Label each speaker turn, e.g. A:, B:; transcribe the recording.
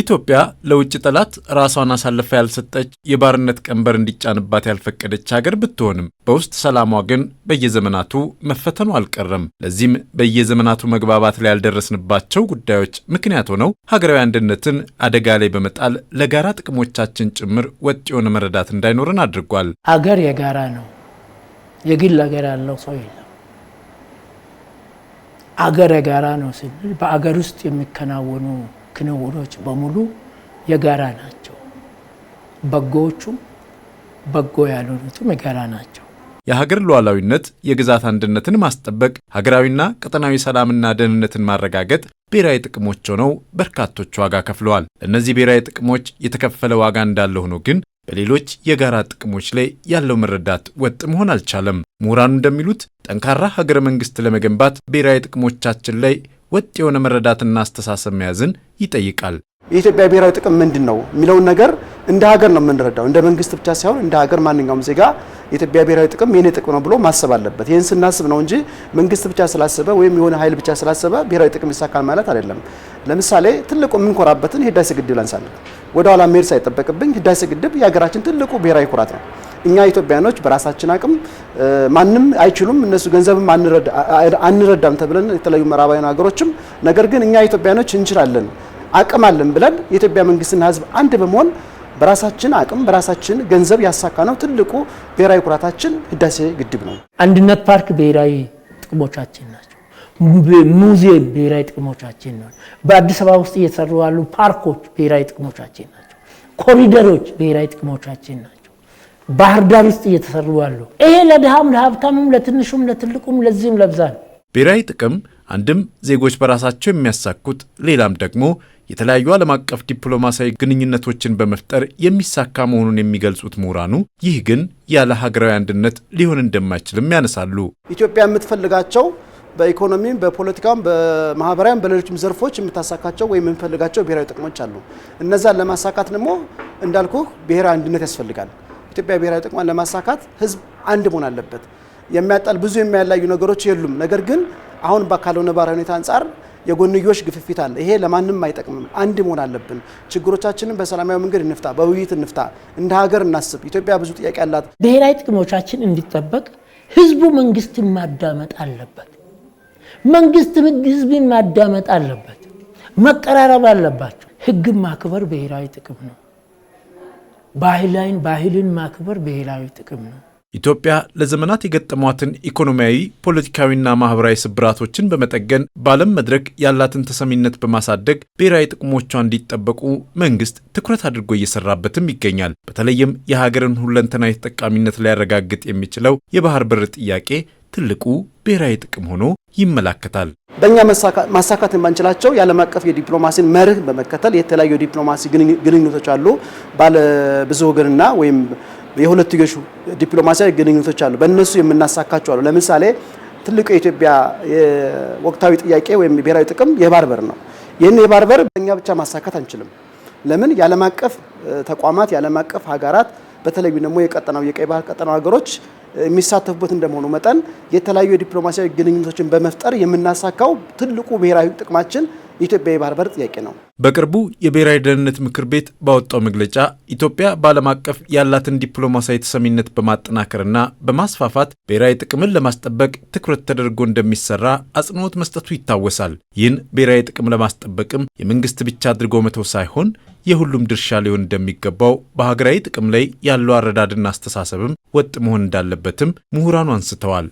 A: ኢትዮጵያ ለውጭ ጠላት ራሷን አሳልፋ ያልሰጠች የባርነት ቀንበር እንዲጫንባት ያልፈቀደች ሀገር ብትሆንም በውስጥ ሰላሟ ግን በየዘመናቱ መፈተኑ አልቀረም። ለዚህም በየዘመናቱ መግባባት ላይ ያልደረስንባቸው ጉዳዮች ምክንያት ሆነው ሀገራዊ አንድነትን አደጋ ላይ በመጣል ለጋራ ጥቅሞቻችን ጭምር ወጥ የሆነ መረዳት እንዳይኖርን አድርጓል።
B: አገር የጋራ ነው። የግል አገር ያለው ሰው የለም። አገር የጋራ ነው ስንል በአገር ውስጥ የሚከናወኑ ክንውኖች በሙሉ የጋራ ናቸው። በጎዎቹም በጎ ያልሆኑትም የጋራ ናቸው።
A: የሀገር ሉዓላዊነት፣ የግዛት አንድነትን ማስጠበቅ፣ ሀገራዊና ቀጠናዊ ሰላምና ደህንነትን ማረጋገጥ ብሔራዊ ጥቅሞች ሆነው በርካቶች ዋጋ ከፍለዋል። ለእነዚህ ብሔራዊ ጥቅሞች የተከፈለ ዋጋ እንዳለ ሆኖ ግን በሌሎች የጋራ ጥቅሞች ላይ ያለው መረዳት ወጥ መሆን አልቻለም። ምሁራኑ እንደሚሉት ጠንካራ ሀገረ መንግስት ለመገንባት ብሔራዊ ጥቅሞቻችን ላይ ወጥ የሆነ መረዳትና አስተሳሰብ መያዝን ይጠይቃል።
C: የኢትዮጵያ ብሔራዊ ጥቅም ምንድን ነው የሚለውን ነገር እንደ ሀገር ነው የምንረዳው። እንደ መንግስት ብቻ ሳይሆን እንደ ሀገር ማንኛውም ዜጋ የኢትዮጵያ ብሔራዊ ጥቅም የኔ ጥቅም ነው ብሎ ማሰብ አለበት። ይህን ስናስብ ነው እንጂ መንግስት ብቻ ስላሰበ ወይም የሆነ ኃይል ብቻ ስላሰበ ብሔራዊ ጥቅም ይሳካል ማለት አይደለም። ለምሳሌ ትልቁ የምንኮራበትን ህዳሴ ግድብ ላንሳለን። ወደኋላ ኋላ መሄድ ሳይጠበቅብኝ ህዳሴ ግድብ የሀገራችን ትልቁ ብሔራዊ ኩራት ነው። እኛ ኢትዮጵያኖች በራሳችን አቅም ማንም አይችሉም፣ እነሱ ገንዘብም አንረዳም ተብለን የተለያዩ ምዕራባውያን ሀገሮችም ነገር ግን እኛ ኢትዮጵያኖች እንችላለን፣ አቅም አለን ብለን የኢትዮጵያ መንግስትና ህዝብ አንድ በመሆን በራሳችን አቅም በራሳችን ገንዘብ ያሳካ ነው ትልቁ ብሔራዊ ኩራታችን ህዳሴ ግድብ ነው።
B: አንድነት ፓርክ ብሔራዊ ጥቅሞቻችን ናቸው። ሙዚየም ብሔራዊ ጥቅሞቻችን ነው። በአዲስ አበባ ውስጥ እየተሰሩ ያሉ ፓርኮች ብሔራዊ ጥቅሞቻችን ናቸው። ኮሪደሮች ብሔራዊ ጥቅሞቻችን ናቸው። ባህር ዳር ውስጥ እየተሰሩ ያሉ ይሄ ለድሃም ለሀብታምም ለትንሹም ለትልቁም ለዚህም ለብዛል
A: ብሔራዊ ጥቅም አንድም ዜጎች በራሳቸው የሚያሳኩት ሌላም ደግሞ የተለያዩ ዓለም አቀፍ ዲፕሎማሲያዊ ግንኙነቶችን በመፍጠር የሚሳካ መሆኑን የሚገልጹት ምሁራኑ ይህ ግን ያለ ሀገራዊ አንድነት ሊሆን እንደማይችልም ያነሳሉ።
C: ኢትዮጵያ የምትፈልጋቸው በኢኮኖሚም በፖለቲካም በማህበራዊም በሌሎችም ዘርፎች የምታሳካቸው ወይም የምንፈልጋቸው ብሔራዊ ጥቅሞች አሉ። እነዛን ለማሳካት ደግሞ እንዳልኩ ብሔራዊ አንድነት ያስፈልጋል። ኢትዮጵያ ብሔራዊ ጥቅሟን ለማሳካት ህዝብ አንድ መሆን አለበት። የሚያጣል ብዙ የሚያላዩ ነገሮች የሉም። ነገር ግን አሁን ባካለው ነባራዊ ሁኔታ አንጻር የጎንዮሽ ግፍፊት አለ። ይሄ ለማንም አይጠቅምም። አንድ መሆን አለብን። ችግሮቻችንን በሰላማዊ መንገድ እንፍታ፣ በውይይት እንፍታ፣ እንደ ሀገር እናስብ። ኢትዮጵያ ብዙ ጥያቄ አላት።
B: ብሔራዊ ጥቅሞቻችን እንዲጠበቅ ህዝቡ መንግስትን ማዳመጥ አለበት። መንግስት ህዝብን ማዳመጥ አለበት። መቀራረብ አለባቸው። ህግን ማክበር ብሔራዊ ጥቅም ነው። ባህላይን ባህልን ማክበር ብሔራዊ ጥቅም ነው።
A: ኢትዮጵያ ለዘመናት የገጠሟትን ኢኮኖሚያዊ፣ ፖለቲካዊና ማህበራዊ ስብራቶችን በመጠገን በዓለም መድረክ ያላትን ተሰሚነት በማሳደግ ብሔራዊ ጥቅሞቿ እንዲጠበቁ መንግስት ትኩረት አድርጎ እየሰራበትም ይገኛል። በተለይም የሀገርን ሁለንተናዊ ተጠቃሚነት ሊያረጋግጥ የሚችለው የባህር በር ጥያቄ ትልቁ ብሔራዊ ጥቅም ሆኖ ይመለከታል።
C: በእኛ ማሳካት የማንችላቸው የዓለም አቀፍ የዲፕሎማሲን መርህ በመከተል የተለያዩ የዲፕሎማሲ ግንኙነቶች አሉ። ባለ ብዙ ወገንና ወይም የሁለትዮሽ ዲፕሎማሲያዊ ግንኙነቶች አሉ። በእነሱ የምናሳካቸው አሉ። ለምሳሌ ትልቁ የኢትዮጵያ ወቅታዊ ጥያቄ ወይም ብሔራዊ ጥቅም የባህር በር ነው። ይህን የባህር በር በእኛ ብቻ ማሳካት አንችልም። ለምን? የዓለም አቀፍ ተቋማት የዓለም አቀፍ ሀገራት በተለይ ደግሞ የቀጠናው የቀይ ባህር ቀጠናው ሀገሮች የሚሳተፉበት እንደመሆኑ መጠን የተለያዩ የዲፕሎማሲያዊ ግንኙነቶችን በመፍጠር የምናሳካው ትልቁ ብሔራዊ ጥቅማችን የኢትዮጵያ የባህር በር ጥያቄ ነው።
A: በቅርቡ የብሔራዊ ደህንነት ምክር ቤት ባወጣው መግለጫ ኢትዮጵያ በዓለም አቀፍ ያላትን ዲፕሎማሲያዊ ተሰሚነት በማጠናከርና በማስፋፋት ብሔራዊ ጥቅምን ለማስጠበቅ ትኩረት ተደርጎ እንደሚሰራ አጽንኦት መስጠቱ ይታወሳል። ይህን ብሔራዊ ጥቅም ለማስጠበቅም የመንግስት ብቻ አድርጎ መተው ሳይሆን የሁሉም ድርሻ ሊሆን እንደሚገባው በሀገራዊ ጥቅም ላይ ያለው አረዳድና አስተሳሰብም ወጥ መሆን እንዳለበትም ምሁራኑ አንስተዋል።